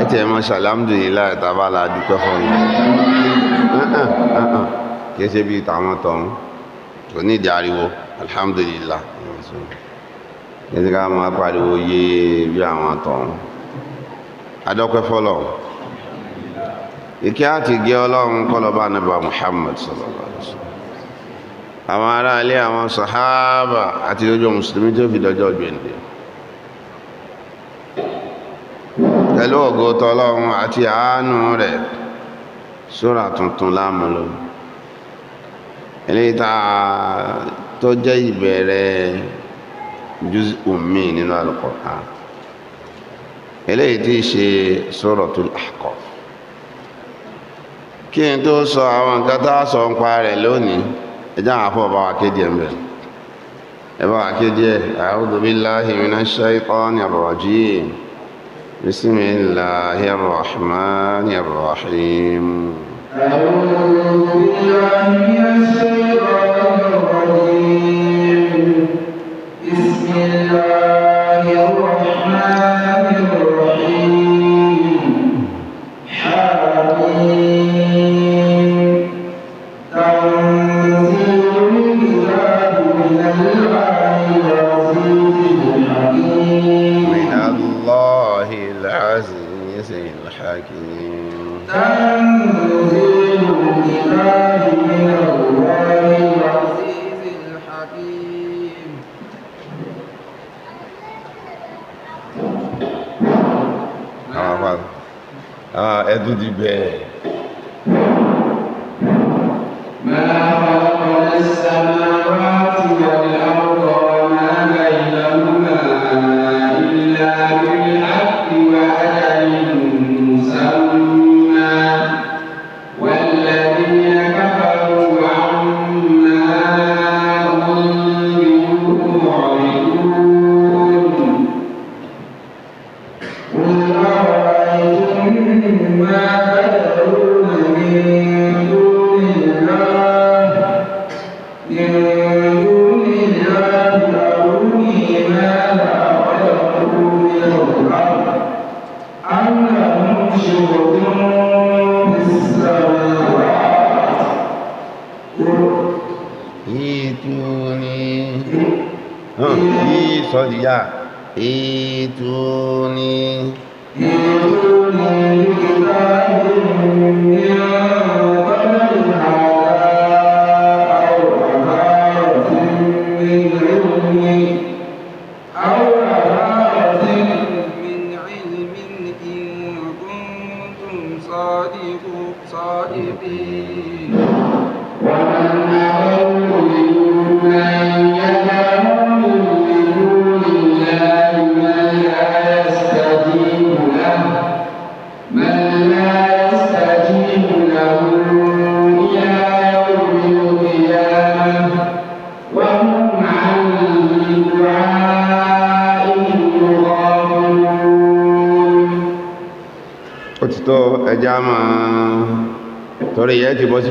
ẹ tiẹ̀ mọ ṣàlámdùlélà ìtàbà la dúpẹ́ fún mi kìí ṣe bí tàwọn tọ̀hún kò ní ìdí ariwo alhamdulillah kìí ṣe ká máa pariwo yé bí àwọn tọ̀hún adọ́pẹ́ fọlọ́ ìkẹ́ àti gé ọlọ́run kọlọ́bà nàbà Muhammad sallallahu alaihi wasallam àwọn àwọn sàhábà àti ojú mùsùlùmí tó fi dọjọ́ gbèǹde. pẹ̀lú ògo tọlọ́run àti àánú rẹ̀ súra tuntun lámúlò eléyìí tá tó jẹ́ ìbẹ̀rẹ̀ juz ummi nínú al-Qur'an eléyìí tí í ṣe suratul Ahqaf kí n tó sọ àwọn nkata tá a sọ ń pa rẹ̀ lónìí ẹjá àwọn afọ́ bá wa kéde ẹ̀ mbẹ̀ ẹ bá wa kéde ẹ̀ بسم الله الرحمن الرحيم أعوذ بالله من الشيطان الرجيم بسم الله الرحمن العزيز الحكيم تنزيل الكتاب من الله العزيز الحكيم àwọn ẹdùn ti bẹ̀rẹ̀.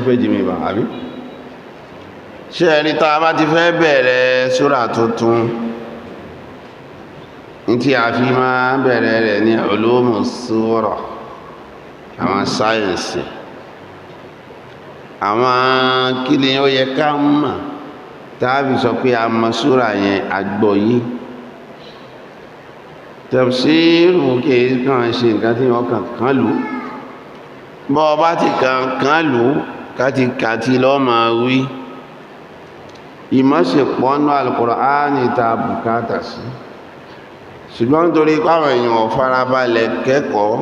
péjì mi bà àbí ṣe ẹ̀rí tá a bá ti fẹ́ bẹ̀rẹ̀ sóra tuntun ní tí a fi máa bẹ̀rẹ̀ rẹ̀ ní olóòmù sóra àwọn sáyẹ̀nsì àwọn kí ni ó yẹ ká mọ̀ tàbí sọ pé a mọ̀ sóra yẹn àgbọ̀yí tẹ̀síìrù kìí kàn ṣe nǹkan tí wọ́n kàn lù bọ́ ọba ti kàn kàn lù kàtìkàtì lọ́ máa wí ìmọ̀sẹ̀pọ̀ náà Al-Kùránì ta bùkátà sí ṣùgbọ́n nítorí pàwọn èèyàn farabalẹ̀ kẹ́kọ̀ọ́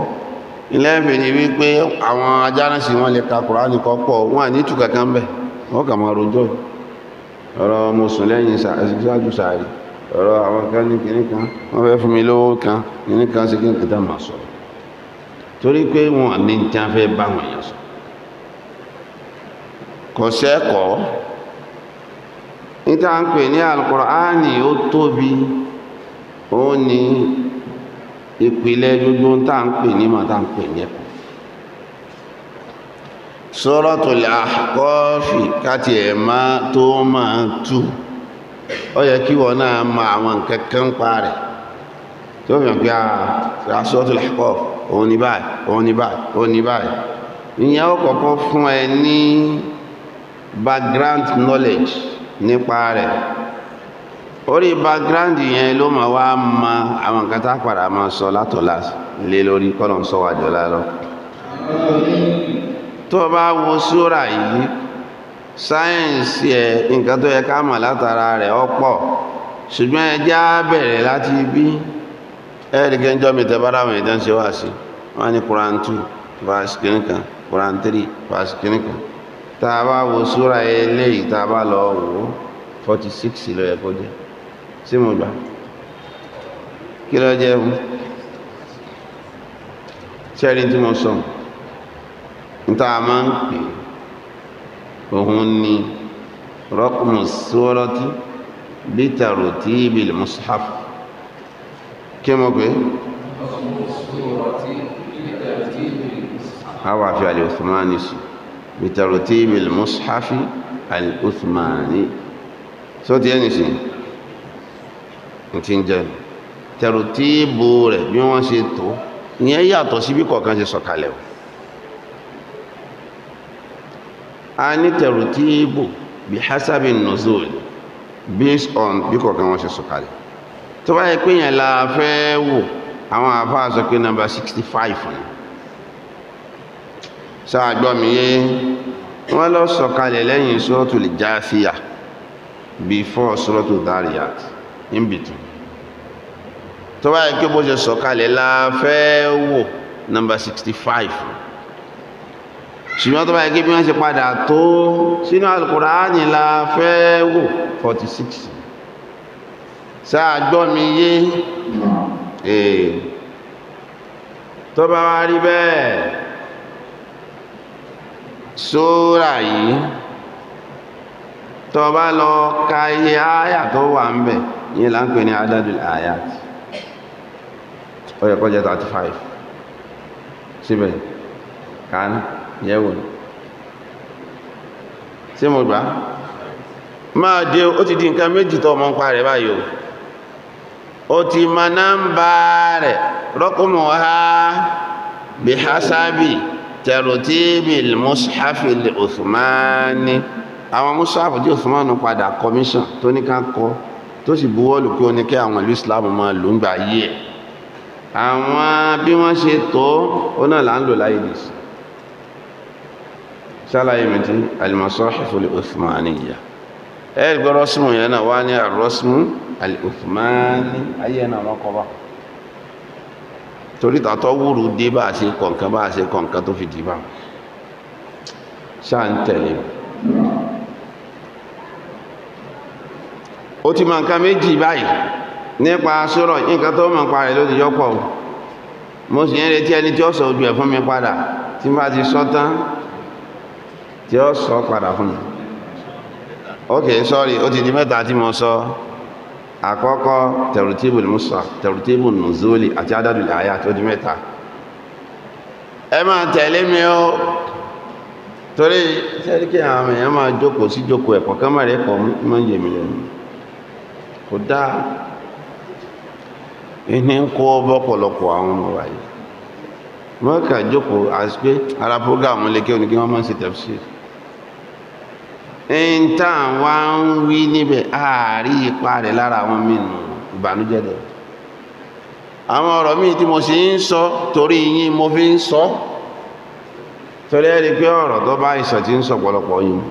ilẹ́fẹ̀ ni wípé àwọn ajánásí wọn lè ka Kùránì kọ́pọ̀ wọn ní tù kankan bẹ̀ wọ́n kà máa rojọ́ ọ̀rọ̀ mùsùn lẹ́yìn ṣáájú sàárì ọ̀rọ̀ àwọn kan ní kìnní kan wọ́n fẹ́ fún mi lówó kan kìnní kan sí kìnní kan tá máa sọ torí pé wọn ní tí wọ́n èèyàn sọ kò sẹ́kọ̀ọ́ níta ń pè ní alukur'ani ó tóbi ó ní ìpìlẹ̀ gbogbo tá ń pè ní mà tá ń pè ní ẹ̀kọ́ Suratul Ahqaf káti ẹ̀ máa ma máa tú ó yẹ kí wọ́n náà ma àwọn nǹkan pa rẹ̀ tí fi hàn pé ah, a Suratul Ahqaf òun òun ní báyìí òun background knowledge nípa rẹ̀ orí background yẹn ló ma wá ma àwọn nǹkan ma sọ látọ̀lá lé lórí kọ́nà sọ wájọ lárọ́ tó bá wo sóra yìí sáyẹ̀nsì ẹ̀ nǹkan tó yẹ ká látara rẹ̀ ọ̀pọ̀ ṣùgbọ́n bẹ̀rẹ̀ láti bí jọ mi sí wọ́n ní 2 verse tá a bá wo súra eléyìí tá a bá lọ wò ó forty six ló yẹ kó jẹ sí mo gbà kí ló jẹ fún sẹ́ni tí mo sọ máa ń pè ni rọ́kùnmù sọ́rọ́tì bítàrò tí ibìlì mùsùlùmí kí mo pè é àwọn àfi بترتيب المصحف الأثماني. صوت يعني شيء نتنجل ترتيب rẹ̀ bí wọ́n ṣe tò ìyẹn yàtọ̀ sí bí kọ̀ọ̀kan ṣe sọ̀kalẹ̀ o a ní tẹ̀rùtíìbù bí hasabi nuzul based on bí kọ̀ọ̀kan wọ́n ṣe sọ̀kalẹ̀ tó bá yẹ pé yẹn la fẹ́ wò àwọn àfáà sọ pé number 65 ni sáà gbọ́ mi yé wọ́n lọ sọ̀kalẹ̀ lẹ́yìn sọ́ọ̀tù lè já fíyà before sọ́ọ̀tù Dhariyat in between tó báyìí kí bó ṣe sọ̀kalẹ̀ la fẹ́ wò number 65 ṣùgbọ́n tó báyìí kí bí wọ́n ṣe padà tó sínú Al-Qur'ani la fẹ́ wò 46 sáà gbọ́ mi yé tó bá wá rí bẹ́ẹ̀ sóòrà yìí tó bá lọ ka iye àyà tó wà ń bẹ̀ yìí là ń pè ní adádùn àyà ó yẹ kó 35 síbẹ̀ kan yẹ̀wò sí mo gbà máa dé ó ti di nǹkan méjì tó ọmọ ń pa rẹ̀ báyìí ó ti ma náà ń bá rẹ̀ rọ́kùnmọ̀ ha bí hásábì tẹ̀rọ̀tíbìl mọ́ṣáfìl òsùmánì àwọn mọ́ṣáfì tí òsùmánì padà kọmíṣàn tó ní ká kọ tó sì buwọ́lù pé ó ní kí àwọn ìlú islam máa lò ń gbà yí ẹ̀ àwọn bí wọ́n ṣe tó ó náà là ń lò láyé nìyí sálàyé mi ti alimọ̀ṣáfìl òsùmánì yà ẹ̀ gbọ́ yẹn náà wá ní àrọ́ṣmù òsùmánì ayé náà wọ́n kọ́ bá torí tàtọ́ wúru dé bá a ṣe kọ̀ǹkan bá a ṣe kọ̀ǹkan tó fi dì bá ṣáà ń tẹ̀lé ó ti mọ nǹkan méjì báyìí nípa sọ̀rọ̀ nǹkan tó mọ̀ parẹ̀ ló ti yọ́pọ̀ mo sì ń retí ẹni tí ó sọ ojú ẹ̀ fún mi padà tí bá ti sọ tán tí ó sọ padà fún mi ok sorry ó ti di mẹ́ta tí mo sọ so. akọkọ tẹ̀rùtíbù musa tẹ̀rùtíbù nùzúlì àti adádù àyà tó di mẹ́ta ẹ ma tẹ̀lé mi ó torí sẹ́ríkì àwọn èèyàn máa jókòó sí jókòó ẹ̀kọ́ kámàrí ẹ̀kọ́ mọ́ yèmí lẹ́nu kò dáa ní ń kó bọ́pọ̀lọpọ̀ àwọn ọmọ wáyé kà jókòó àti pé ara program ń tà ń wí níbẹ̀ ààrí ipa rẹ̀ lára àwọn mìnú ìbànújẹ́ dẹ̀ àwọn ọ̀rọ̀ míì tí mo sì ń sọ torí yín mo fi ń sọ torí ẹni pé ọ̀rọ̀ tó bá ìsọ̀ tí ń sọ pọ̀lọpọ̀ yìí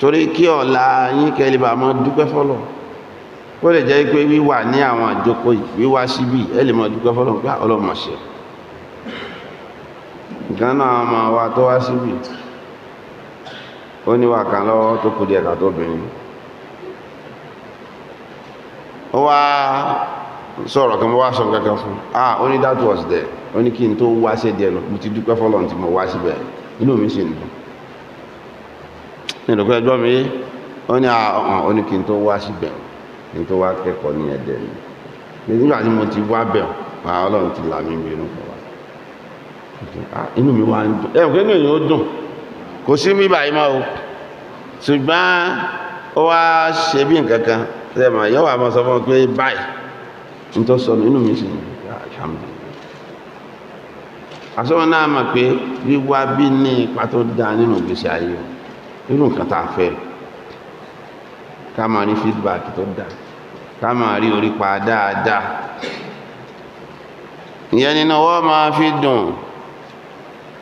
torí kí ọ̀la yín kẹlẹ́bà mọ́ dúpẹ́ fọ́lọ̀ ó lè jẹ́ pé wíwà ní àwọn ó níwà kan lọ́wọ́ tó kù díẹ̀ kàtó obìnrin ó wá sọ̀rọ̀ kan mọ́ wá sọ kankan fún ah ó ní that was there ó ní kí n tó wá sí díẹ̀ lọ mo ti dúpẹ́ fọ́lọ́run tí mo wá síbẹ̀ inú mi sì ń dùn nínú ẹjọ́ mi ó ní àwọn ó ní kí n tó wá síbẹ̀ kí n tó wá kẹ́kọ̀ọ́ ní ẹ̀dẹ̀ mi nígbà tí mo ti wá bẹ̀ wá ọlọ́run ti là mí bínú fún wa inú mi wá ń dùn ẹ̀ òkè ní èyí ó dùn kò sí mi báyìí mọ́ o ṣùgbọ́n ó wá ṣe bí nǹkan kan lẹ́mọ̀ yóò wà mọ́ sọ fún ọ pé báyìí n tó sọ nínú mi sì àsọ́wọ́n náà mọ̀ pé wíwá bí ní ipa tó dáa nínú ìgbésí ayé o nínú nǹkan tá a fẹ́ ká máa rí feedback tó dáa ká máa rí orí orípa dáadáa ìyẹn nínú ọwọ́ máa fi dùn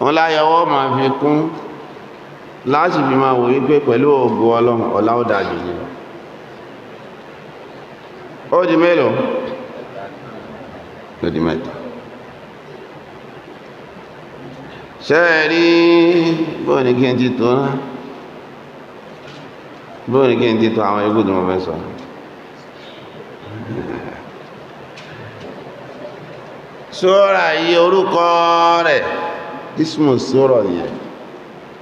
wọn láyọ̀ ọwọ́ máa fi kún láti fi máa wòye pé pẹ̀lú ògbò ọlọ́run ọ̀lá ó dájú ní ó di mélòó ló di mẹ́ta ṣẹ́ẹ̀rí bóò ní kí n ti tó náà bóò ní kí n ti tó àwọn egúdù mo fẹ́ sọ sóra yìí orúkọ rẹ̀ ismu sóra yìí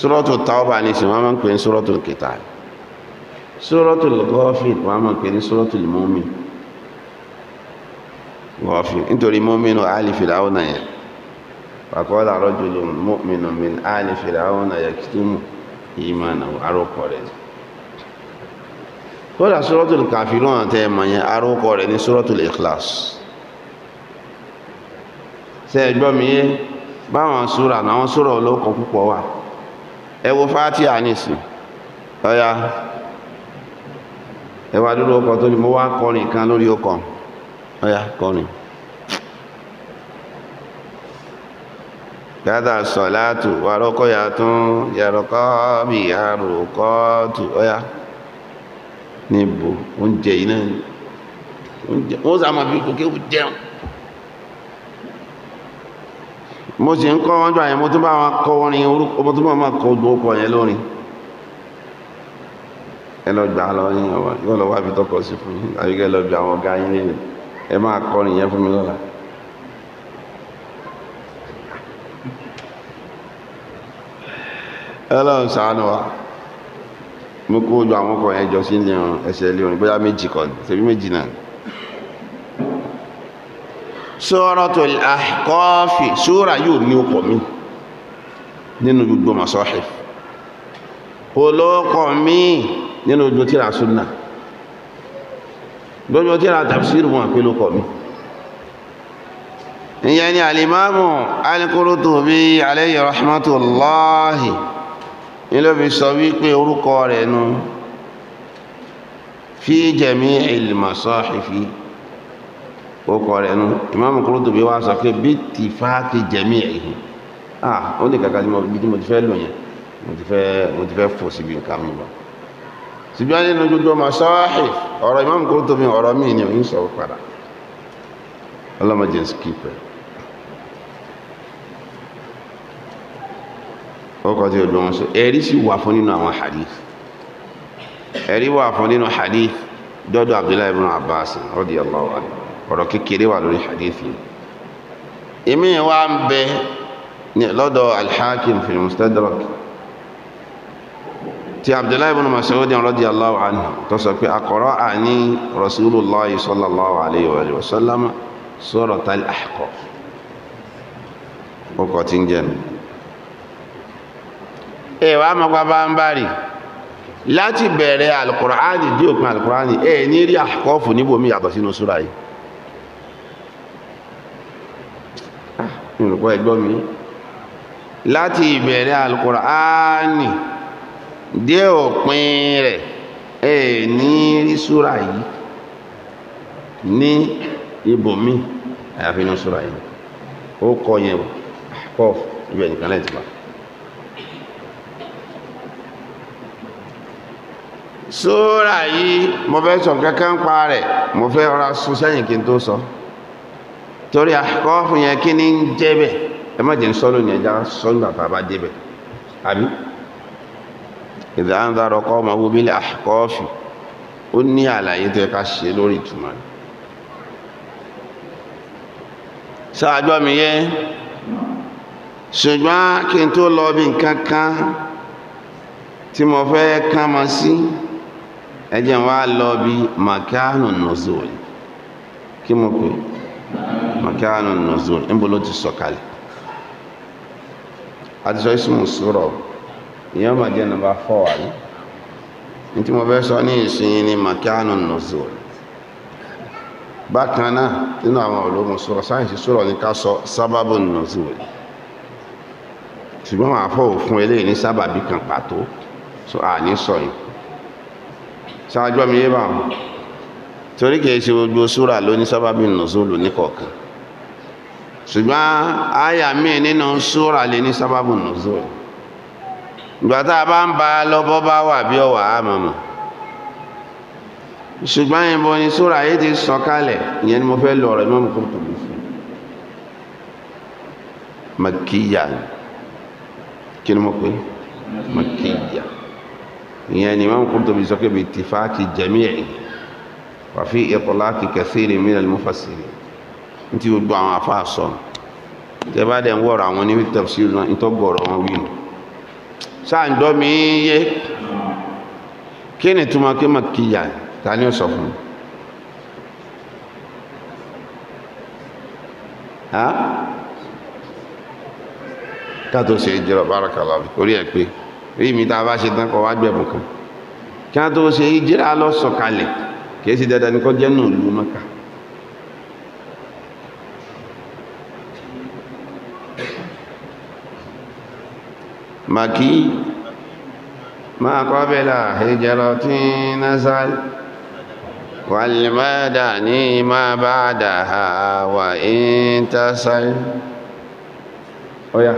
sọ́rọ́tù tàwọ́bà ní ṣe wọ́n máa ń pè ní sọ́rọ́tù kìtà sọ́rọ́tù gọ́ọ̀fì wọ́n máa ń pè ní sọ́rọ́tù mọ́mí gọ́ọ̀fì nítorí mọ́mí nù áàlì fìdáwọ́ náà yẹn pàkọ́lá rọ́jùlù mọ́mí nù mí áàlì fìdáwọ́ náà yẹ kìtùmù ìmọ̀ náà arọ́kọ̀ rẹ̀ kódà sọ́rọ́tù kàfírùn àtẹ ẹ̀mọ̀ yẹn arọ́kọ̀ rẹ̀ ní ẹ wo anyị nìsín ọ̀yà dúró tó ní mo wá kọrin kan lórí ọkọ̀ ọya kọrin. kádà sọ̀látù wà rọ́kọ́ yà mi yàrọ̀kọ́ tù ọ̀yà níbo oúnjẹ yìí náà oúnjẹ mo sì ń kọ́ wọ́n jọ àyẹ̀ wọn kọ́ orin orúkọ mo ma bá wọn kọ́ odò ọkọ̀ yẹn lórin ẹ lọ gbà lọ yín ọ̀wọ́ yóò lọ wábi tọkọ sí fún lọ àwọn yín ẹ máa fún mi lọ́la. ẹ lọ sàánù wa mo kó ojú àwọn yẹn jọ sí ilé orin bóyá Suratul Ahqaf sóòrà yóò ní ọkọ̀ mi nínú gbogbo masọ́ọ̀hì olóòkọ̀ mi nínú ojú tíra súnà lójú tíra tafsírù wọn pẹ̀lú ọkọ̀ mi ìyẹn ni alimamu al-Qurtubi alayhi rahmatullahi ilé orúkọ rẹ̀ nu ìmáàmù Qurtubi wá sọ pé bí ti fáàkì jẹ̀mí ẹ̀ hù ah ó lè kàkà tí mo ti fẹ́ lò yẹn mo ti fẹ́ mo ti fẹ́ fò síbi nǹkan mi bọ̀ síbi ayé ní ojú ọmọ sáwáhì ọ̀rọ̀ ìmáàmù Qurtubi ọ̀rọ̀ míì ni òun sọ padà ọlọ́mọdé skipper ọkọ̀ tí ojú wọn sọ ẹ̀rí sì wà fún nínú àwọn hadith ẹ̀rí wà fún nínú hadith dọ́dọ̀ Abdullahi ibn Abbas radiyallahu anhu ọ̀rọ̀ kékeré wà lórí hadith yìí èmi wá ń bẹ lọ́dọ̀ alhakim fi mustadrak ti abdullahi ibn masaudi radiyallahu anhu tó sọ pé akọ̀rọ̀ àní rasulullah sallallahu alayhi wa sallam sọ̀rọ̀ tal ahqaf ó kọ̀ tí ń jẹ́ nù ẹ̀wà mọ́pá bá ń bá rí láti bẹ̀rẹ̀ alkùránì dí òpin alkùránì ẹ̀ ní rí àkọ́fù níbòmí yàtọ̀ sínú súra yìí nùpọ̀ ẹ̀gbọ́ mi láti ìbẹ̀rẹ̀ alukùránì dé òpin rẹ̀ ẹ̀ ní rí súra yìí ní ibòmí àyàfi inú súra yìí ó kọ yẹn pọ̀ ibẹ̀ nìkan lẹ́yìn tí yìí mo fẹ́ sọ kankan pa rẹ̀ mo fẹ́ ọra sún sẹ́yìn kí n tó sọ. So. torí àkọ́ọ̀fù yẹn kí ní ń jẹ́bẹ̀ ẹ má jẹ́ ń sọ́lọ́ ní ẹja sọ́gbà tàbá jẹ́bẹ̀ àbí ìdá ń ọmọ bílẹ̀ àkọ́ọ̀fù ó ní àlàyé tó ká ṣe lórí ìtumọ̀ rẹ̀ yẹ ṣùgbọ́n kí n tó lọ bí nǹkan kan tí mo fẹ́ kán mọ sí ẹ jẹ́ mọ̀kíánù nùzùl níbo ló ti sọ̀kalẹ̀ àti sọ ìsìnkú sọ̀rọ̀ ìyẹn mà jẹ́ nàbà fọ́ wà ní ní tí mo fẹ́ sọ ní ìsìn ní mọ̀kíánù nùzùl bákan náà nínú àwọn ológun sọ̀rọ̀ sáyẹ̀nsì sọ̀rọ̀ ní ká sọ sábàbù nùzùl ṣùgbọ́n àwọn afọ́ òfin eléyìí ní sábàbí kan pàtó so àní sọ yìí ṣáájú ọmọ yé báwọn torí kìí ṣe gbogbo súrà ló ní sábàbí nùzúlù níkọ̀ọ̀kan ṣùgbọ́n àyà míì nínú súrà lè ní sábàbí nùzúlù ìgbà tá a bá ń ba lọ́bọ́ bá wà bí ọ̀wà àmàmà ṣùgbọ́n ìbọn ni súrà yìí ti sọ kalẹ̀ ìyẹn ni mo fẹ́ lọ ìmọ̀ mọ̀ kọ́kọ́ mi fún makiya kí ni mo pè makiya ìyẹn ni ìmọ̀ mọ̀ kọ́kọ́ mi sọ pé bí tìfá kì jẹ́mí ẹ̀yìn wàfí ìtọ́láàkì kẹsìrì mìíràn mufasiri ní ti gbogbo àwọn afá sọ ìjẹba dẹ̀ ń wọ̀rọ̀ àwọn níbi tafsir náà ìtọ́ gbọ̀rọ̀ wọn wí sáà ń dọ́ mi yé kí ni túmọ̀ kí mà kíyà ta ni ó sọ fún mi. kátó ṣe ìjọba bárakàlá orí ẹ̀ pé rí mi tá a bá ṣe tán kọ́ wá gbẹ̀bùn kan kí wọ́n tó ṣe ìjìrà lọ́sọ̀kalẹ̀ kìí sí dada ní kọjá náà lú maka maki máa kọ́ bẹ́lá ìjẹrọ tí násàlì wàlìbádà ní máa bá dáa wà ìntásàlì ọ̀yá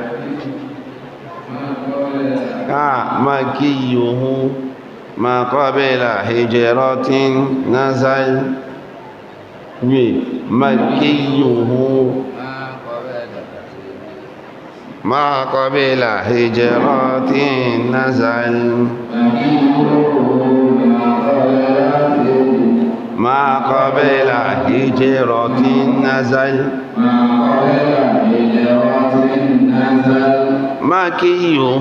káà máa kí yìí ما قبل هجرة نزل مكيه ما قبل هجرة نزل ما قبل هجرة نزل ما قبل هجرة نزل مكيه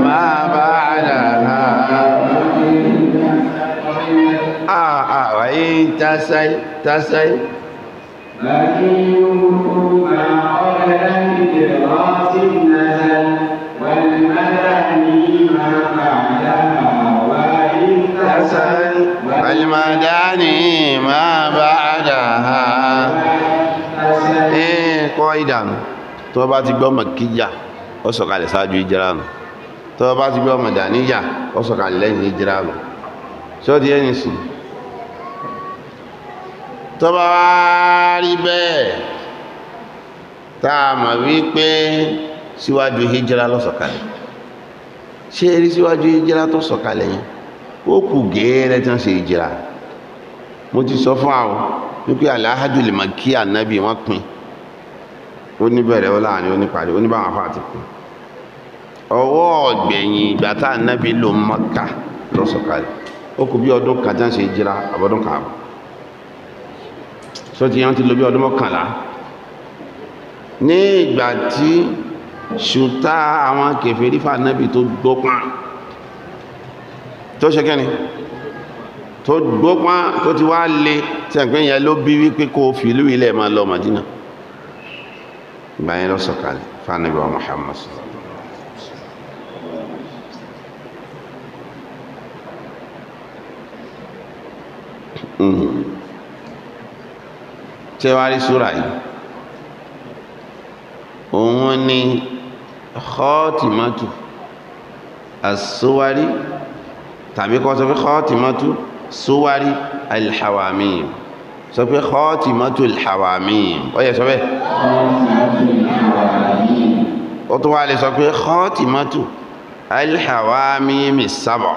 ما بعدها آه وإن تسي تسي بكيكم قبل إدراس النزل والمداني ما بعدها وإن تسل والمداني ما بعدها إيه قاعدة tó bá ti ó sọ̀kalẹ̀ sáájú tó bá ti gbé ọmọ dàníyà ó sọ̀kalẹ̀ lẹ́yìn di ẹni sùn tó bá rí bẹ́ẹ̀ tá a wípé síwájú hijira sọ̀kalẹ̀ síwájú tó sọ̀kalẹ̀ ó kù gẹ́ẹ́rẹ́ tí wọ́n ṣe mo ti sọ fún àwọn wípé lè kí ànábì wọ́n pin ó ní bẹ̀rẹ̀ ó láàrin ó ní parí ó ní báwọn afá àti kú ọwọ́ ọ̀gbẹ̀yìn ìgbà tá à nábì ló Mákà lọ́sọ̀kalẹ̀ ó kù bí ọdún kan tí wọ́n ṣe jíra àbọ̀dún kan àbọ̀ sọ ti yẹn ti lo bí ọdún mọ́kànlá ní ìgbà tí ṣùtá àwọn kèfèrí fànábì tó gbópọn tó ṣe kẹ́ni tó gbópọn tó ti wá le tí ẹ̀gbẹ́yẹn ló bí wípé kó fìlú ilẹ̀ máa lọ Màdínà ìgbà yẹn ló sọ̀kalẹ̀ fanabi wa Muhammad tẹwàrí súra yìí òun ni khatimatu as-suwari tàbí kọ́ sọ suwari al sọ pé khatimatul hawamim ó yẹ sọ bẹ́ẹ̀ ó tún wá lè sọ pé khatimatu al-hawamim as-sab'a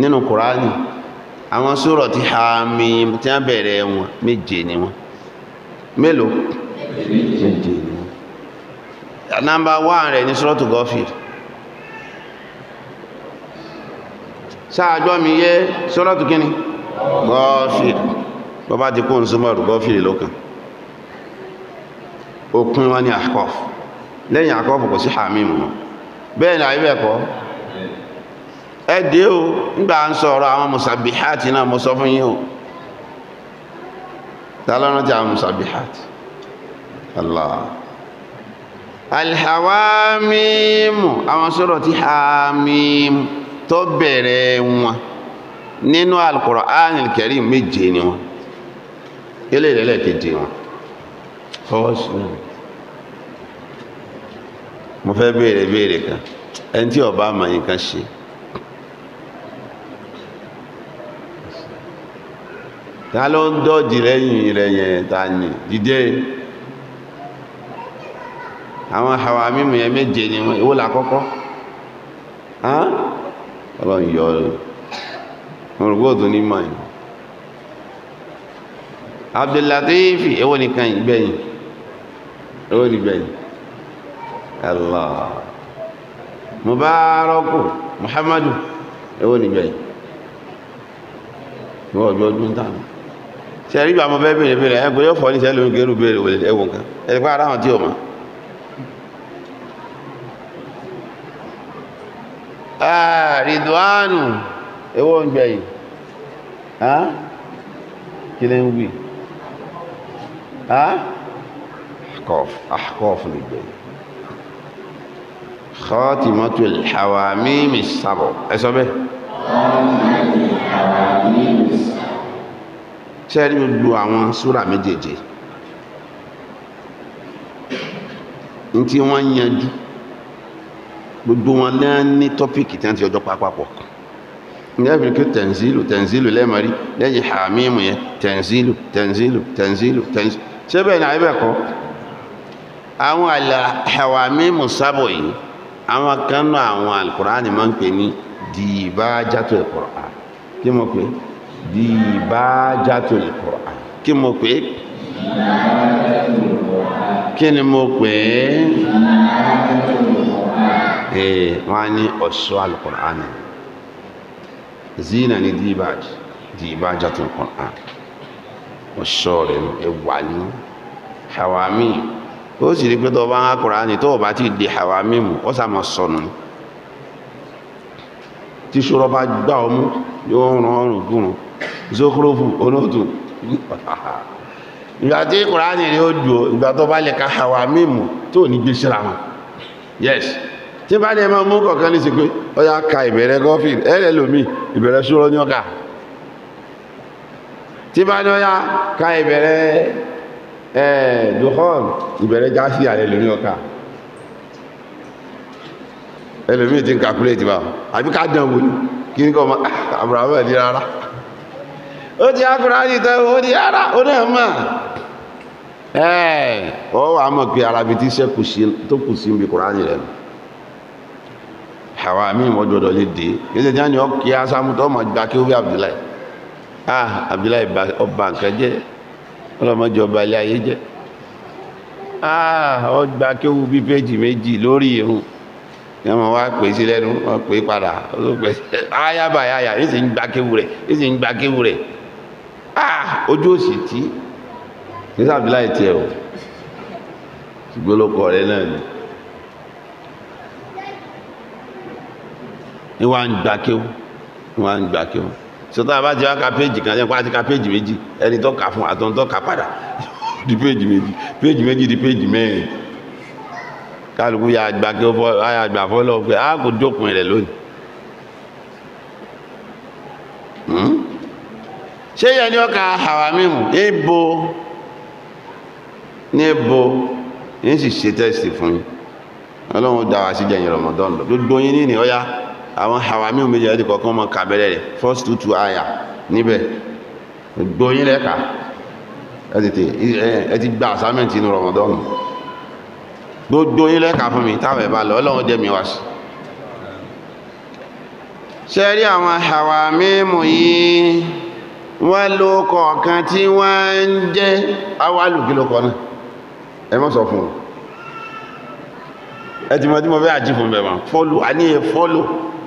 nínú kùránì àwọn sóòrọ̀ tí hamim tí a bẹ̀rẹ̀ wọn méje ni wọn mélòó méje ni wọn nàmbà wá rẹ̀ ní suratul Ghafir sáàjọ́ mi yẹ sọ́lọ́tù kíní gọ́ọ̀fìrì bọ́ bá ti kó ń súnmọ́ gọ́ọ̀fìrì lókàn òkun wọn ni àkọ́f lẹ́yìn àkọ́f kò sí hàmímù o a àwọn musabihati ti tó bẹ̀rẹ̀ wọn nínú al-Qur'an al-Karim méje ni wọn ilé ìrẹ̀lẹ̀ kejì wọn fọwọ́sùn mo fẹ́ béèrè béèrè kan ẹni tí ọba àmà yìí kan ṣe ta ló ń dọ́jì lẹ́yìn rẹ̀ yẹn ta ni dìde àwọn hawa mímu méje ni wọ́n ìwó làkọ́kọ́ ọlọ́run yọ rẹ̀ orúgbóòdù ní mọ̀ ẹ̀ Abdullatifi ewó nìkan ìgbẹ̀yìn ewó nìgbẹ̀yìn Allah Mubaraku Muhammadu ewó nìgbẹ̀yìn wọ́n ọjọ́ ọdún tánà ṣe rí bá mọ́ bẹ́ẹ̀ bèèrè bèèrè ẹgbẹ̀rẹ̀ ọ̀fọ́ ní sẹ́lẹ̀ òun gẹ́rù bèèrè ẹwọ̀n kan ẹ̀rẹ̀ ààrìdùánù ah, ewó ń gbẹ̀yìn kí lè ń wí àkọ́ọ̀fù lè gbẹ̀yìn khatimatu al-hawamim as-sab'a ẹ̀sọ́ bẹ́ ṣẹ́rí gbogbo àwọn súra méjèèjì tí wọ́n yanjú gbogbo wọn náà ní tọ́pìkì tí wọ́n ti ọjọ́ pápápọ̀ ìyáàbí kí tẹ̀nzílù tẹ̀nzílù lẹ́mọ̀rí lẹ́yìn hàmímù yẹn tẹ̀nzílù tẹ̀nzílù tẹ̀nzílù tẹ̀nzílù ṣé bẹ́ẹ̀ ni àyẹ́bẹ̀kọ́ àwọn àlàhàwàmímù sábọ̀ yìí àwọn kan náà àwọn alukùránì máa ń pè ní dìbájátò ìkùrán kí mo pè dìbájátò ìkùrán kí mo pè kí ni mo pè é ee wọ́n á zina ni dibaj dibajà tó kur'an ọ̀ṣọ́ rẹ̀ hawami ó sì rí pé to ti di hawami mu ó sàmọ sọnù tí ṣòro bá gbà ọ mú yóò ràn ọrùn zokrofu ìgbà tí ka mu tó ní gbé tí bá ní ẹ máa mú kọ̀ọ̀kan ní sí pé ọya ka ìbẹ̀rẹ̀ gọ́fìn ẹ̀rẹ̀ lómi ìbẹ̀rẹ̀ ṣúrọ́ ní ọkà tí bá ní ọya ka ìbẹ̀rẹ̀ duhon ìbẹ̀rẹ̀ jásí àrẹ lómi ọkà ẹlòmí ti ń kàkúlẹ̀tì bá àbí ká dán wò ní kí ní kọ́ ma àbúràbọ̀ ẹ̀dí rárá ó ti ákùrá ní ìtẹ́wò ó di rárá ó náà mà ẹ̀ẹ́ ọ wà á mọ̀ pé arabi tí sẹ́kù sí tó kù sí ibi kùránì rẹ̀ àwọn àmì ìmọ̀jọ̀dọ̀ lè dé yíṣẹ́ jáni ọkì asámútọ́ ọmọ gba kí ó Abdullahi ah Abdullahi ọba nǹkan jẹ́ ọlọ́mọdé ọba ilé ayé ah ọgbà kí ó bí péjì méjì lórí irun yẹn wá pè sí lẹnu wọ́n pè padà ní sì ń gba ní sì ń gba ah ojú òsì tí o ìwà ń gbà kéwù ìwà ń gbà kéwù sọtá bá ti wá ka péjì kan jẹ́ pàtí ka péjì méjì ẹni tó kà fún àtọ̀ tó kà padà di péjì méjì péjì méjì di péjì mẹ́rin kálukú yà gbà kéwù fọ́ yà gbà fọ́ lọ́wọ́ pé a kò dókun rẹ̀ lónìí hmm? ṣé yẹ ni ó ka àwà mímu níbo níbo yín sì ṣe tẹ́sì fún yín ọlọ́run dá wa sí jẹ́yìn rọ̀mọ́dọ́n lọ gbogbo yín ní ni ó yá àwọn hawami méjì ẹ̀dì kọ̀ọ̀kan mọ̀ kàbẹ̀rẹ̀ rẹ̀ first two two aya níbẹ̀ gbóyìn lẹ́ka ẹ ti gba assignment inú Ramadan gbogbo yín lẹ́ka fún mi táwọn ẹ̀bá lọ ọlọ́run jẹ́ mi wá sí ṣe rí àwọn àwà mímú yìí wọ́n ló kọ̀ọ̀kan tí wọ́n jẹ́ awálù kí ló kọ́ náà ẹ mọ́ sọ fún ẹ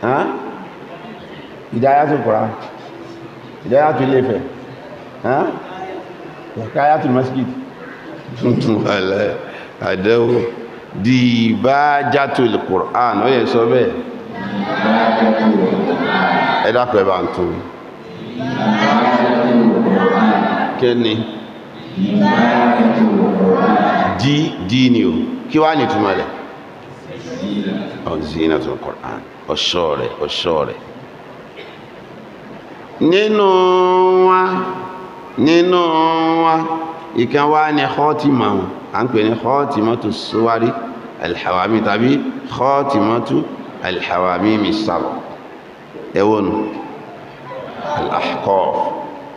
Hidayatul Quran Hidayatul Ilé Ifẹ̀ Hidayatul Masjid tuntun alẹ́ àdẹ́wò Dibajatul Quran ó yẹ sọ bẹ́ẹ̀ ẹ dákọ̀ ẹ bá ń tún kẹ́ni di di ni o kí wá ní túmọ̀ rẹ̀ ọ̀ zinatul Quran ọ̀ṣọ́ rẹ̀ ọ̀ṣọ́ rẹ̀ nínú wa nínú wa ìkan wá ní khatima wọn à ń pè ní khatimatu suwari alhawami tàbí khatimatu alhawami misal ẹwọnù alahqaf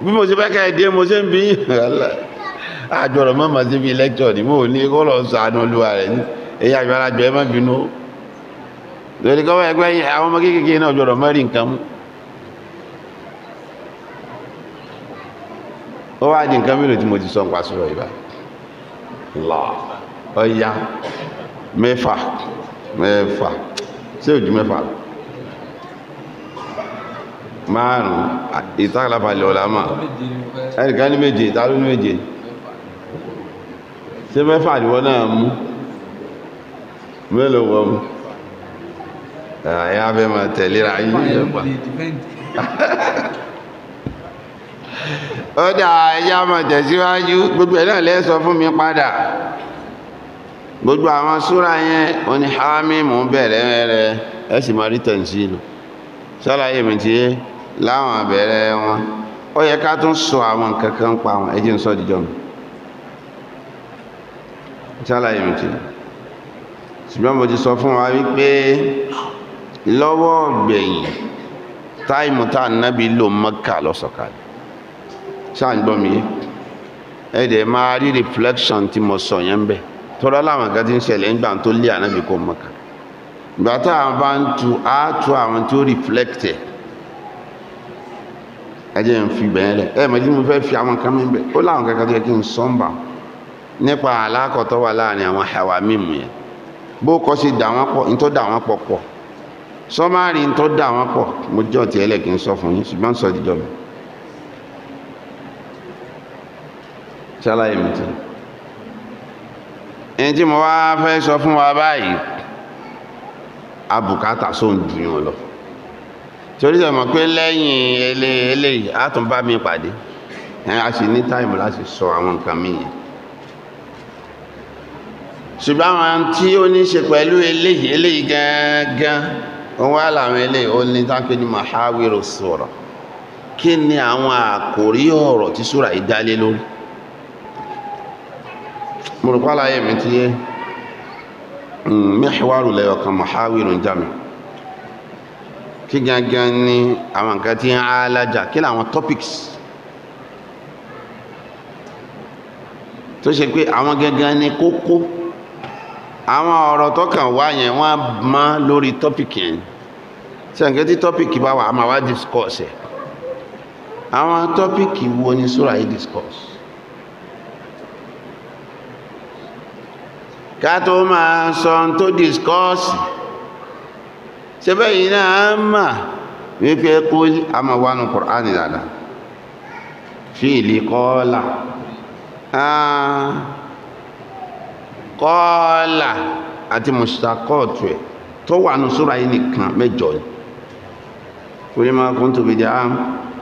bí mo ṣe bá ká ẹdí mo ṣe ń bí àjọrọ̀ mọ́ màá sí bí lẹ́kítọ̀ ni mo ní kó lọ sọ àánú olúwa rẹ̀ ní ẹ̀yà ìbára jọ bínú lórí kọ́wọ́ ẹgbẹ́ àwọn ọmọ kéékèèké náà jọ̀rọ̀ mọ́rí nǹkan mú ó wá di nǹkan mélòó tí mo ti sọ nípa sọ̀rọ̀ ìbá lọ ọya mẹ́fà mẹ́fà ṣé ojú mẹ́fà márùn ìtàlábalẹ̀ ọ̀làmà ẹnìkan ní méje ìtàlú ní méje ṣé mẹ́fà ni náà mú mélòó wọ́n mú Ah, ẹ̀yìn abẹ́ máa tẹ̀léra yín ẹ̀pà ó dà ẹjá máa tẹ̀síwájú gbogbo ẹ̀ náà lẹ́sọ fún mi padà gbogbo àwọn súra yẹn oní hamimu bẹ̀rẹ̀ rẹ̀ ẹ sì máa rí tẹ̀sílù sọ́láyé mi ti yé láwọn abẹ̀rẹ̀ wọn ó yẹ ká tún sọ àwọn nǹkan kan pa wọn ẹjí ń sọ dìjọ mi sọ́láyé mi ti ṣùgbọ́n mo ti sọ fún wa wípé lọ́wọ́ gbẹ̀yìn táìmù tá nábi lò Mẹ́kà lọ́sọ̀kalẹ̀ ṣáàgbọ́mí ẹ̀dẹ̀ máa rí reflection tí mo sọ yẹn bẹ̀ tọ́rọ láwọn kan tí ń ṣẹlẹ̀ ń gbà tó lé ànábì kó Mẹ́kà ìgbà tá àwọn bá ń tu á tu àwọn tí ó reflect ẹ̀ ẹjẹ́ ń fi bẹ̀yẹn lẹ̀ ẹ̀ mọ̀jú mo fẹ́ fi àwọn kan mi bẹ̀ ó láwọn kankan tó yẹ kí n sọ́mbà nípa àlákọ̀tọ́ wà láàrin àwọn àwa mímu yẹn bó kọ́ sí dà wọ́n pọ̀ ní dà wọ́n pọ̀ pọ̀ sọmárì tó dà wọ́n pọ̀ mo jọ ti ẹlẹ́kì ń sọ fún yín ṣùgbọ́n sọ dìjọ mi ṣàlàyé mi ti ẹni tí mo wá fẹ́ sọ fún wa báyìí abùkátà sóhun jù yàn lọ torí sọ mọ̀ pé lẹ́yìn ele ele á mi pàdé a sì ní táìmù láti sọ àwọn nǹkan mi yẹn ṣùgbọ́n àwọn tí ó ní ṣe pẹ̀lú eléyìí eléyìí gangan wọ́n wá láwọn ilé òní tápé ní mahawiru sura kí ni àwọn àkòrí ọ̀rọ̀ tí sura yìí dálé lórí mo rò pàlàyé mi ti yé hmm, mihwaru lẹ́yọ̀kan mahawiru jami kí gangan ni àwọn nǹkan tí ń alájà kí làwọn topics tó ṣe pé àwọn gangan ni kókó àwọn ọ̀rọ̀ tọ́kàn wá yẹn wọ́n má lórí tọ́pìkì yẹn sẹ́ǹkẹ́ tí tọ́pìkì bá wà á máa wá discourse ẹ̀ àwọn tọ́pìkì wo ni sóra yìí discourse ká tó máa sọ tó discourse sẹ́bẹ̀yìn náà mà wípé kó a máa wá nu Kùránì dáadáa fi ìlú kọ́ ọ́ la. Ah kọ́ọ̀là àti mùsàkọ́ọ̀tù ẹ̀ tó wà ní súra yìí nìkan mẹ́jọ ni kúrí máa kún tó fi jẹ́ ám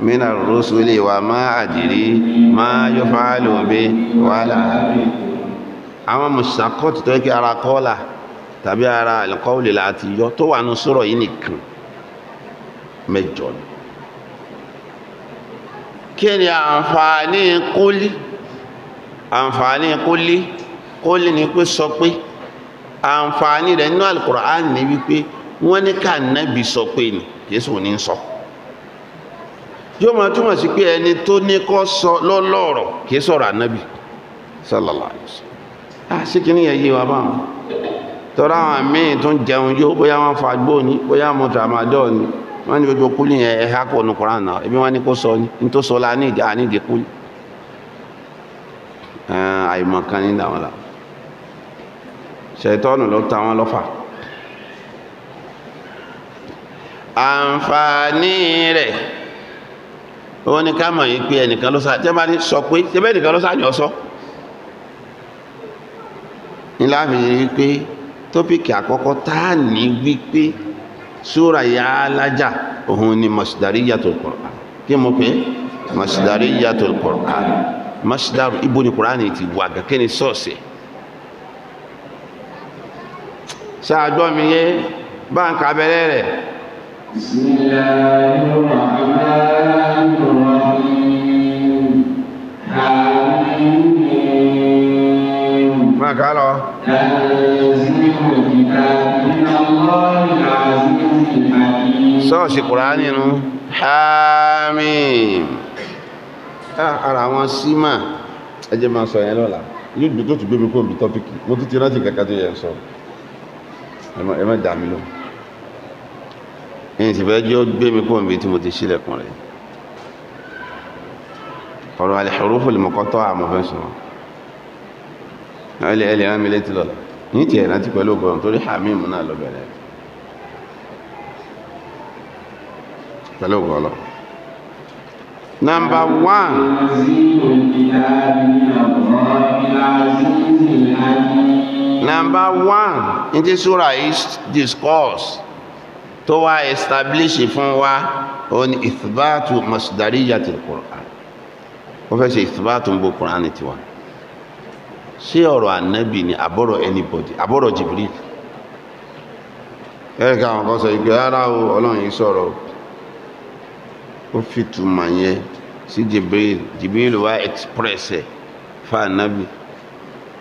mínà rúsùlẹ̀ wà máa àdìrí máa yóò fàálù bí wàhálà àwọn mùsàkọ́ọ̀tù tó kí ara kọ́ọ̀là tàbí ara àlùkọ́ọ̀lẹ̀ láti yọ tó wà ní súra yìí nìkan mẹ́jọ ni kí ni àǹfààní kólí àǹfààní kólí kó lè ní pé sọ pé àǹfààní rẹ̀ nínú Al-Qur'an ní wípé wọ́n ní ká nábì sọ pé ní Jésù ní sọ yóò máa túmọ̀ sí pé ẹni tó ní kọ́ sọ lọ́lọ́rọ̀ kì í sọ̀rọ̀ ànábì sallallahu alaihi wasallam àṣí kì ní ẹ̀yẹ wa báwọn tọ́rọ àwọn míì tó ń jẹun yóò bóyá wọn fa gbó ni bóyá wọn tramadol ni wọn ní gbogbo kúlì yẹn ẹ̀ hákọ̀ ọ̀nà Kùránì náà ebi wọn ní kó sọ ni ní tó sọ la ní ìdí àníjẹ kúlì àìmọ̀kan ní ìdáwọn làwọn ṣẹ̀tọ́nù ló ta wọn lọ́fà àǹfààní rẹ̀ ó ní ká mọ̀ yìí pé ẹnìkan ló sá tẹ́ bá ní sọ pé tẹ́ bẹ́ẹ̀ nìkan ló sá ní ọsọ́ ní láàfin wípé tópìkì àkọ́kọ́ tá a ní wípé súra yà á òun ni masdariyatul Qur'an kí mo pé masdariyatul Qur'an masdaru ibo ni Qur'an ti wà gàkẹ́ ni sọ́ọ̀sì ṣáàgbọ́ mi yé báǹkà abẹ́rẹ́ rẹ̀ Máa lọ. Sọ́ọ̀sì Kùránì nínú, Hamim. Ara wọn símà, ẹjẹ́ máa sọ yẹn lọ́la. Yóò gbé tó ti gbé mi kó mi tọ́pìkì, mo tún ti rántí kàkà tó yẹ sọ ẹ má dà mí lọ ẹ̀yìn sì fẹ́ jẹ́ gbé mi kó mi tí mo ti ṣílẹ̀kùn rẹ̀ ọ̀rọ̀ al-huruf al-muqatta'a àmọ́ fẹ́ sọ ẹlẹ́ ẹlẹ́ rán mi létí lọ ní tiẹ̀ rántí pẹ̀lú ọgọ́rùn torí hamim náà lọ pẹ̀lú ọgọ́rùn Number one. Aziz al-Kitab min Allah al number one ní tí súra yìí discourse tó wá establish fún wa ó ní ìfìbáàtù masdariyatil Qur'an ó fẹ́ ṣe ìfìbáàtù ń bo Qur'an tiwa ṣé ọ̀rọ̀ ànábì ni àbọ̀rọ̀ anybody àbọ̀rọ̀ Jibril ẹ̀ka àwọn kan sọ ìgbé ara o ọlọ́run yìí sọ̀rọ̀ ó fi túmọ̀ yẹn Jibril Jibril wa express ẹ̀ fún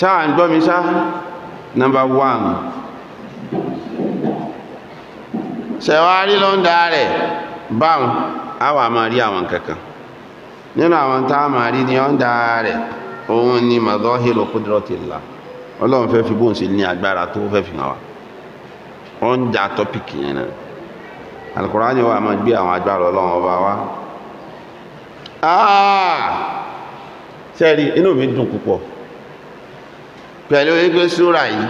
ṣáà ń gbọ́ mi ṣá number one ṣẹ̀wárí ló ń da rẹ̀ báwọn a wà máa rí àwọn kankan nínú àwọn tá a máa rí ni ó ń da rẹ̀ òun ni madhahilu qudratillah ọlọ́run fẹ́ fi bóun sí ní agbára tó fẹ́ fi hàn wá ó ń tọ́pìkì yẹn náà Al-Qur'ani wà máa gbé àwọn agbára ọlọ́run ọba wa ah! sẹ́ẹ̀rí inú mi dùn púpọ̀ pẹ̀lú igbe súra yìí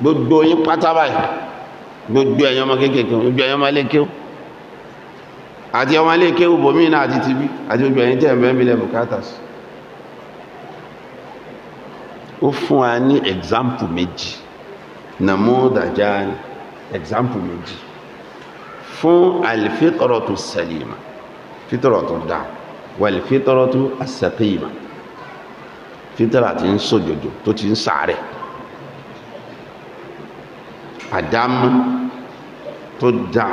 gbogbo yín pátá gbogbo ẹ̀yàn ọmọ kéèkéèké gbogbo ẹ̀yàn ọmọ iléekéwò àti ọmọ iléekéwò bòmínà àti tibí àti gbogbo ẹ̀yìn tẹ̀ mẹ́rin ilẹ̀ na ó fún wa ní ẹ̀gzámpù méjì nàmúdàjá ẹ̀gzámpù méjì fún àlìfítọ̀rọ̀tù sẹ̀lìmà alife dá wàlìfítọ̀rọ̀tù àsàkìmà fitara ti ń sòjòjò tó ti ń sàárẹ̀ àdámú tó dà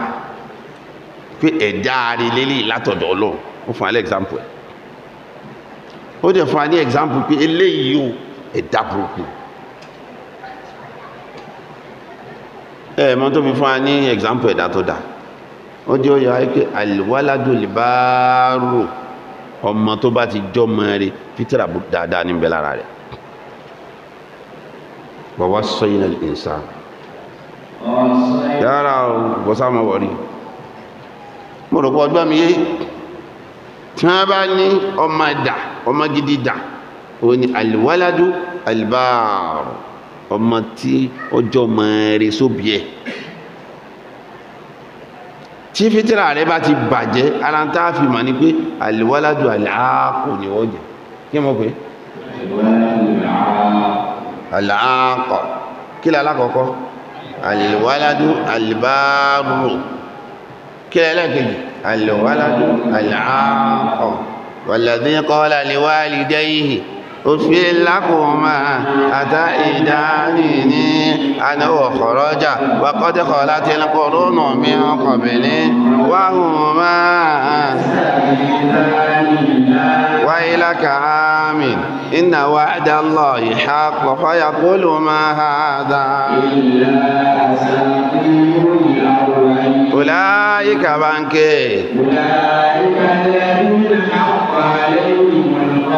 pé ẹ̀dá rí lélẹ̀ látọ̀dọ̀ ọlọ́run ó fún alẹ́ example ẹ̀ ó dẹ̀ fún alẹ́ example pé eléyìí o ẹ̀dá burúkú ẹ̀ẹ̀mọ́ tó fi fún alẹ́ example ẹ̀dá tó dà ó dé ó yọ ayé pé àlùwáládùn lè bá rò ọmọ tó bá ti jọ́ mọ́ rẹ̀ fitra dáadáa ní bẹ̀ lára rẹ̀ bọ̀wá sọ́yìn náà ìsá yára o bọ́sá mọ̀ wọ̀rí mo rò pọ̀ ọjọ́ mi yé tí wọ́n bá ní ọmọ dà ọmọ gidi dà ó ní alwaladu albaaru ọmọ tí ọjọ́ mọ́ rẹ̀ sóbi ẹ̀ tí fitira rẹ bá ti bàjẹ́ ara ń táà fi mà ní pé àlìwáládù àlìáàkù ni wọ́n jẹ́ kí mọ́ pé àlìáàkọ̀ kí lẹ alákọ̀ọ́kọ́ àlìwáládù àlìbárù kí lẹ ẹlẹ́kẹ̀ẹ́jì àlìwáládù àlìáàkọ̀ wàlẹ̀dínkọ́ أسفل لكما أتئدانني أن أخرج وقد خلت القرون من قبلي وهما ويلك آمن إن وعد الله حق فيقول ما هذا أولئك بنكي أولئك الذين حق عليهم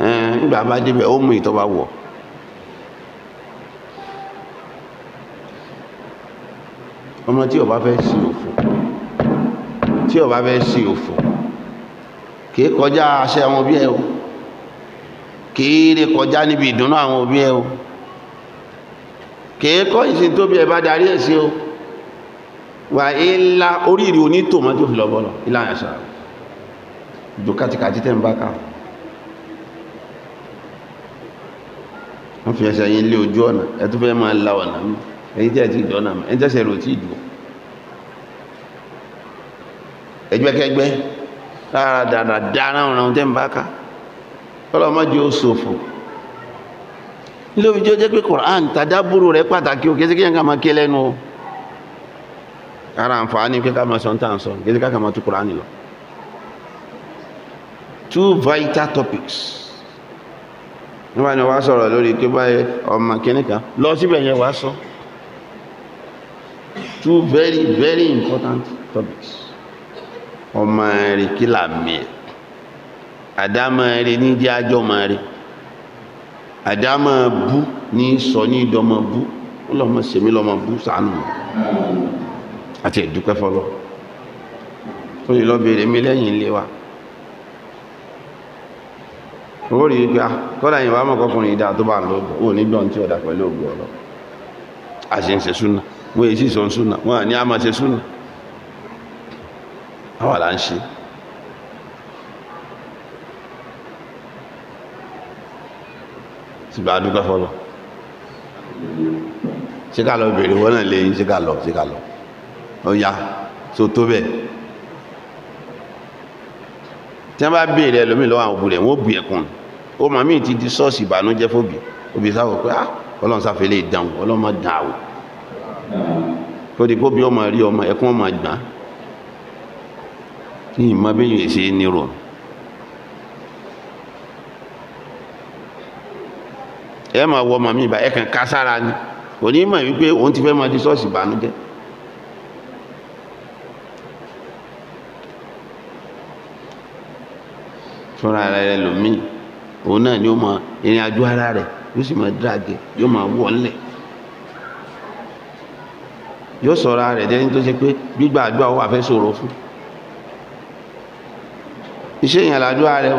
nígbà bá débẹ̀ ó mú ìtọ́ bá wọ̀ ọmọ tí ó fẹ́ sí òfò tí ó fẹ́ sí òfò kìí kọjá àṣẹ àwọn òbí ẹ o kìí lè kọjá níbi ìdùnnú àwọn òbí ẹ o kìí kọ́ ìsìn tó bí ẹ bá darí ẹ̀ sí o wà ilá oríire onítòmọ́ tó fi lọ ìlànà àṣà ìjò tẹ́ ń bá káà wọ́n fi ẹsẹ̀ yín lé ojú ọ̀nà ẹ tún fẹ́ máa la ọ̀nà mi ẹ̀yin tí ẹ ti dọ̀ ọ̀nà mi ẹ̀yin tí ẹsẹ̀ rò tí ì dùn. ẹgbẹ́kẹ́gbẹ́ lára dára dára ọ̀ràn tẹ́ ń bá ká ọlọ́mọdé ó ṣòfò nílòmí jẹ́ pé Qur'an tàdábùrù rẹ̀ pàtàkì ò kéṣe kí ẹ̀ka máa ké lẹ́nu o ara àǹfààní kí máa sọ níta sọ kéṣe ká máa tú Qur'an lọ two vital topics nígbà ní wá sọ̀rọ̀ lórí pé báyẹ ọmọ kìnnìkan lọ síbẹ̀ yẹn wá sọ two very very important topics ọmọ rẹ̀ kí là mí ẹ̀ àdámọ̀ rẹ̀ ní jẹ́ ajọ́ ọmọ rẹ̀ àdámọ̀ bú ní sọ ní ìdọmọ bú ọlọ́mọ sèmi lọ́mọ bú sànù àti ìdúpẹ́ fọlọ́ tó yìí lọ bèèrè mi lẹ́yìn ilé wa ó rí ipa ah, kọ́dà yìnbá mọ́kọ́kùnrin ìdá tó bá ń lọ ò ní gbọ́n tí ọ̀dà pẹ̀lú ògbò ọ̀rọ̀ a ṣe ń ṣe súnà wọ́n èyí sì sọ súnà wọ́n ní a máa ṣe súnà àwọn àlà ń ṣe ṣùgbọ́n adúgbò fọlọ́ ṣé ká lọ bèrè wọ́n náà lè yín ṣé ó yá tó tó bẹ́ẹ̀ tí a bá béèrè ẹlòmíì lọ́wọ́ àwọn òbí wọ́n bí ẹkùn ó mọ̀ ti di sọ́ọ̀sì ìbànújẹ́ fóbi òbí sáwọ̀ pé ah, ọlọ́run sáfẹ́ lè dàn ọlọ́run ọmọ rí ọmọ ẹkùn ọmọ gbà ìmọ̀ bí yìí ṣe ẹ wọ ọmọ mi ẹkàn kására ni wípé òun ti fẹ́ ma di sọ́ọ̀sì ìbànújẹ́ fúnra rẹ̀ lòmíì òun náà ni ó mọ ìrìn àjò ara rẹ̀ yóò sì mọ díràgẹ̀ yóò mọ wọ̀ ńlẹ̀ yóò sọ̀rọ̀ rẹ̀ dẹ́ni tó ṣe pé gbígbà àdúrà ó wà fẹ́ ṣòro fún iṣẹ́ ìyàn làdúrà rẹ̀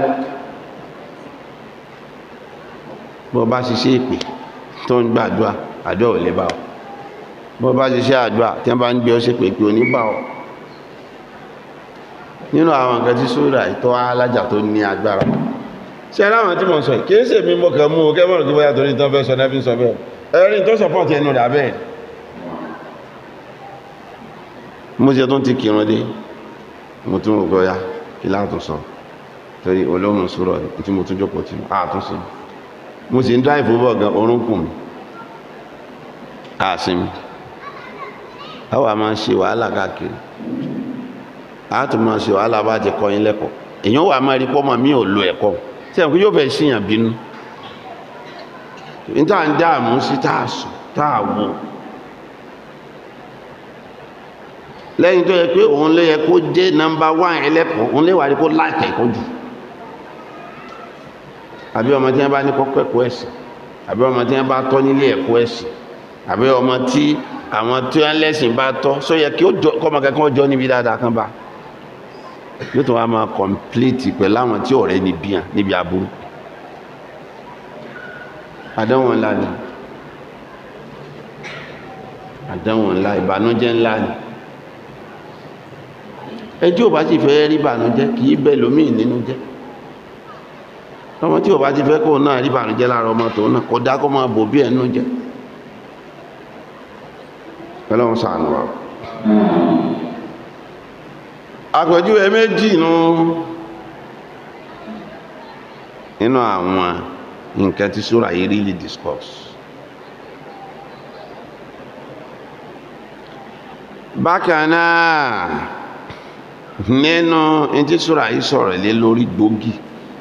bọ́ bá ṣiṣẹ́ ìpè tó ń gbàdúrà àdúrà ò lè bá ọ bọ́ bá ṣiṣẹ́ àdúrà tí wọ́n bá ń gbé ọ ṣépè pé oníbà ọ nínú àwọn nǹkan tí sóra ìtọ́ alájà tó ní agbára ṣe aláwọn tí mo sọ kìí ṣe mi mọ́ kàn mú o kẹ́mọ̀rún kí bóyá torí tán fẹ́ sọ nẹ́bí sọ bẹ́ẹ̀ ẹ̀rin tó sọpọ́ọ̀tì ẹnu rà bẹ́ẹ̀ mo ṣe tó ti kírun dé mo tún rò gọ́ya kí látún sọ torí olóhùn sọ̀rọ̀ tí mo tún jókòó tí àtúnṣe mo sì ń dáìfò bọ̀ gan orúnkún mi àṣìmí A máa ń ṣe wàhálà káàkiri àtúmọ̀ sí wàhálà bá ti kọ́ yín lẹ́kọ̀ọ́ wà máa rí pọ́mọ mi ò lo ẹ̀kọ́ tí ẹ̀kú yóò fẹ́ síyàn bínú níta ń dáàmú sí táàsù táàwò lẹ́yìn tó yẹ pé òun lè yẹ kó jẹ́ nọmba wán ẹlẹ́kọ̀ọ́ òun lè wà rí kó jù àbí ọmọ tí bá ní kọ́kọ́ ẹ̀kọ́ àbí ọmọ bá tọ́ nílé ẹ̀kọ́ ẹ̀sìn àbí ọmọ bá tọ́ sọ yẹ kí ó bá yóò tún wá máa kọ̀mpléètì pẹ̀lú àwọn tí ọ̀rẹ́ ni bíyàn níbi aburú àdánwò ńlá ni àdánwò ńlá ìbànújẹ́ ńlá ni ẹjọ́ ò bá sì fẹ́ rí ìbànújẹ́ kì í bẹ́ẹ̀ lómìn nínú jẹ́ ọmọ tí ò bá ti fẹ́ kóun náà rí ìbànújẹ́ lára ọmọ tòun náà kódà kó máa bò bí ẹnu jẹ́ ọlọ́run ṣàánú wa àpẹjúwe méjì nú nínú àwọn nǹkan tí sóra yìí really discuss bákan náà nínú tí sóra yìí sọ̀rọ̀ lé lórí gbòógì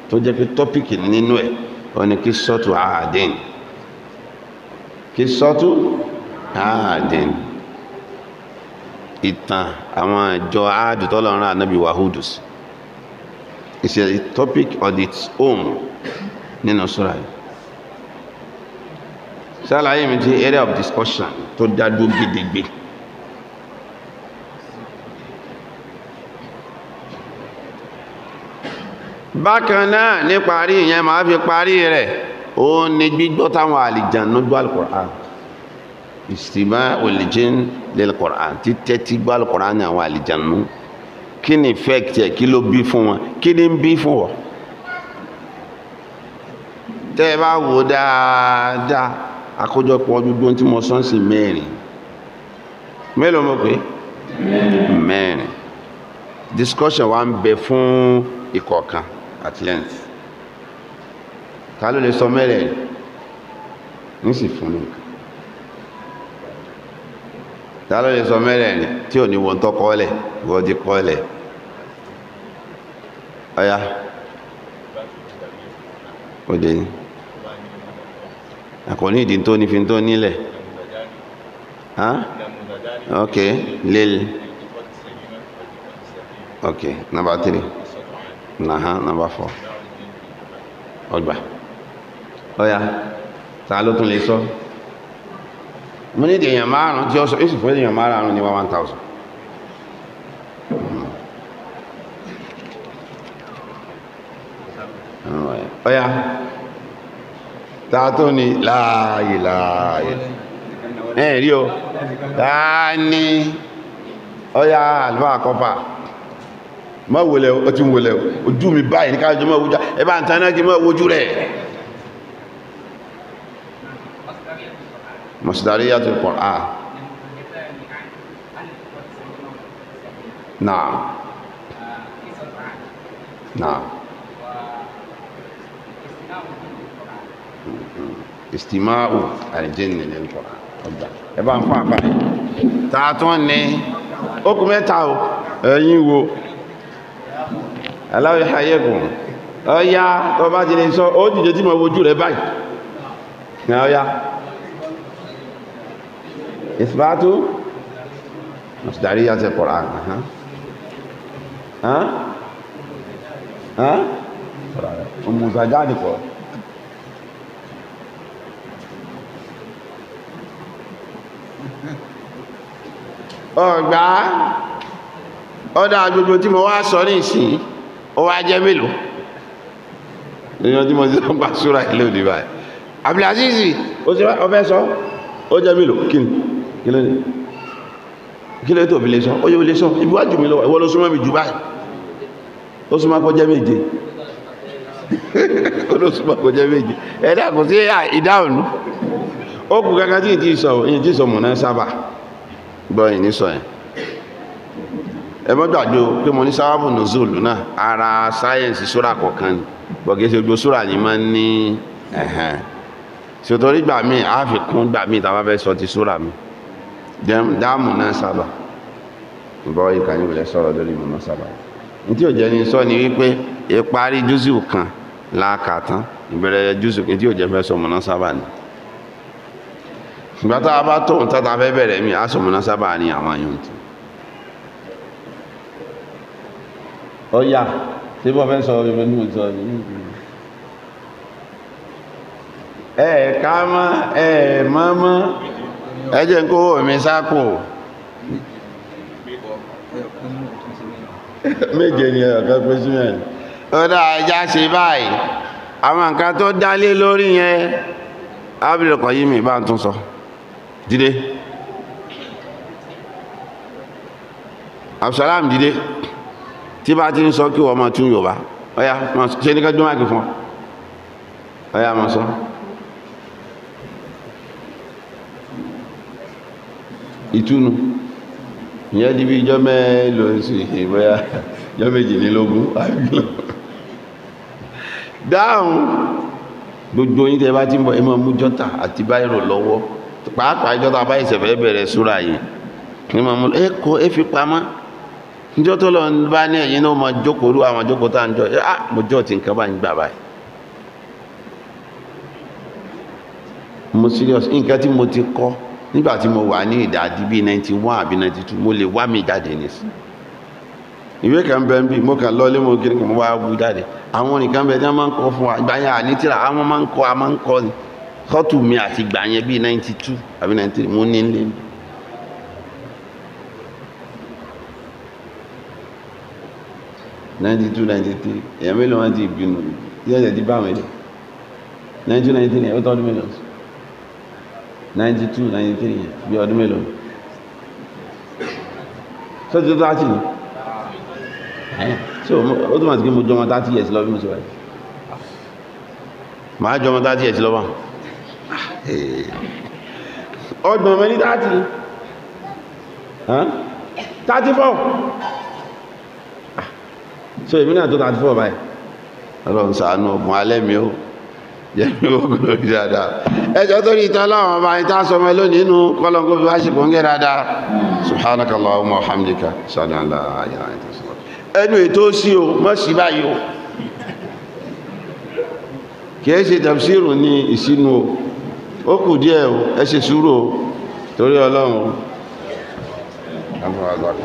tó jẹ́ pé tọ́pìkì nínú ẹ̀ ọ̀nà kí sọ́tù àádẹ́n kí sọ́tù àádẹ́n ìtàn àwọn àjọ áàdù tọ́lọ́run ànábì wàhúdù sí it's a topic on its own nínú sọ́ra yìí ṣàlàyé mi ti area of discussion tó dádúró gidigbe bákan náà ní parí ìyẹn màá fi parí rẹ̀ ó ní gbígbọ́ táwọn àlìjàn lójú àlùkùránì Istima olùjẹ́ lẹ́lẹ̀ Quran. títẹ́ tí gbá kọ̀ọ̀án ní àwọn àlìjánu kí ni fẹ́ẹ̀tì ẹ̀ kí ló bí fún wọn kí ni ń bí ẹ bá wò dáadáa àkójọpọ̀ gbogbo tí mo sọ sí mélòó mo pè é discussion wa ń bẹ fún ìkọ̀ọ̀kan at length ta ló lè sọ mẹ́rin ní sì fún nìkan. ta ló sọ mẹ́rẹ̀ẹ̀rin tí ò ní wọn tó kọ́ọ̀lẹ̀ wọ́n ti kọ́ọ̀lẹ̀ ọ̀yá ó ní àkọ́ní ìdí tó ní fi tó nílẹ̀ ok lil ok number three naha number four ọgbà ọ̀yá ta ló tún lè sọ. mo ní èèyàn márùn-ún tí ó sọ èsì fún èèyàn márùn-ún ní one thousand ọ̀yá tààtò ní láàyè láàyè ẹ̀ rí o táà ní ọ̀yá àlùfáà kọfà mọ́ wòlẹ̀ ojú mi báyìí ní káàkiri mọ́ ojú ẹ bá ń taná kí mọ́ ojú rẹ̀ مصدرية القرآن نعم نعم استماع الجن للقرآن ń tààtún okùn mẹ́ta o wo ọya tó bá ti sọ ó dìde tí ọya ìsìbátú mùsùlùmí yàtọ̀ Kùránì ọmọzàjáde kọ̀ ọgbà ọdá gbogbo tí mo wá sọ ní ìsìn ó wá jẹ́ mélòó èyàn tí mo ti sọ ń gbà súra ilé òdìbà abdulaziz ó ti wá ọfẹ́ sọ ó jẹ́ mélòó kí kílẹ̀ tó fi lè sọ ó yóò lè sọ ibúwájú mi lọ ìwọ ló súnmọ́ mi jù báyìí ó súnmọ́ kó jẹ́ méje ó ló súnmọ́ kó jẹ́ méje ẹ̀dá kò sí ìdáhùn ó kù kankan tí ìtì sọ ìyìn tí sọ mọ̀nà sábà gbọ́ ìní sọ ẹ̀ ẹ mọ́ gbàgbé o pé mo ní sáwábù nùzúlù náà ara sáyẹ̀nsì súrà kọ̀ọ̀kan ni bọ̀gẹ́sẹ̀ gbogbo súrà ni máa ń ní ẹ̀hẹ̀n sòtòrí gbà míì àfikún gbà míì tàbá fẹ́ Daamu náà sábà ìbọ̀ ìkà ní ìwòlẹ̀ sọ̀rọ̀ lórí mọ̀mọ́ sábà ní tí ò jẹ́ ní sọ ni wípé ìparí júsù kan láàkàtán ìbẹ̀rẹ̀ júsù kan tí ò sọ mọ̀nà sábà ni a mi ni O ya, fe ni ẹjẹ́ ń kówó mi sákò méje ni ọ̀kan pín sí mẹ́rin ó dá ẹjá ṣe báyìí àwọn nǹkan tó dálé lórí yẹn ábìlẹ̀kọ̀ yìí mi bá ń tún sọ dìde absalam dìde tí bá ti ń sọ kí wọ́n máa tún Yorùbá ọ̀yá ṣe ní ká gbé máàkì fún ọ ọ̀yá máa ìtúnu ìyẹn di bí ijọ́ mẹ́lò sí ìbẹ́yà ijọ́ méjìlélógún àbílò dáhùn gbogbo yín tẹ́ bá ti ń bọ̀ ẹ máa mú jọ́ta àti báyìí lọ́wọ́ pàápàá jọ́ta bá ìṣẹ̀fẹ́ bẹ̀rẹ̀ súra yìí ní máa mú ẹ kó ẹ fi pamọ́ níjọ́ tó lọ bá ní ẹ̀yìn náà máa jókòó àwọn jókòó tá à ń jọ ẹ ah mo jọ́ ti nǹkan bá ń gbà báyìí mo serious nǹkan tí mo ti kọ́ nígbà mo wà ní ìdádí bíi 91 àbí 92 mo lè wá mi jáde nísìn ìwé kan bẹ ń mo kàn lọ lé mo kiri kò mo wá wú jáde àwọn nìkan bẹ tí wọn máa ń kọ fún wa ìgbà yẹn àní tíra àwọn máa ń kọ a máa ń kọ ni kọ́tù mi àti ìgbà yẹn bíi 92 àbí 93 mo ní nílé mi. ninety two ninety three èèyàn mélòó wọn ti bínú yíyá ìdẹ̀dí bá wọn ninety two ninety three ó tọ́jú mílíọ̀nù. 92 93 bí ọdún mélòó tó ti tó 30 ní so ó túnmọ̀ sí kí mo jọmọ 30 years lọ bí mo ṣe wáyé máa jọmọ 30 years lọ bá ọdún ọmọ ní 30 34 so èmi náà tó 34 báyìí ọlọ́run ṣàánú ọgbọ̀n alẹ́ ó jẹ́mi ogun lórí dáadáa ẹjọ́ tó rí ìtọ́láwọn ọba ìta sọmọ lónìí inú kọlọ́ngó fi wá sí kòńgẹ́ dáadáa subhanakallahumma wa hamdika sàdánlá ayára ẹnu ètò sí o mọ́ sí báyìí o kìí ṣe